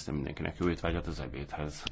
Aztán mindenkinek jó étvágyat az ebédhez.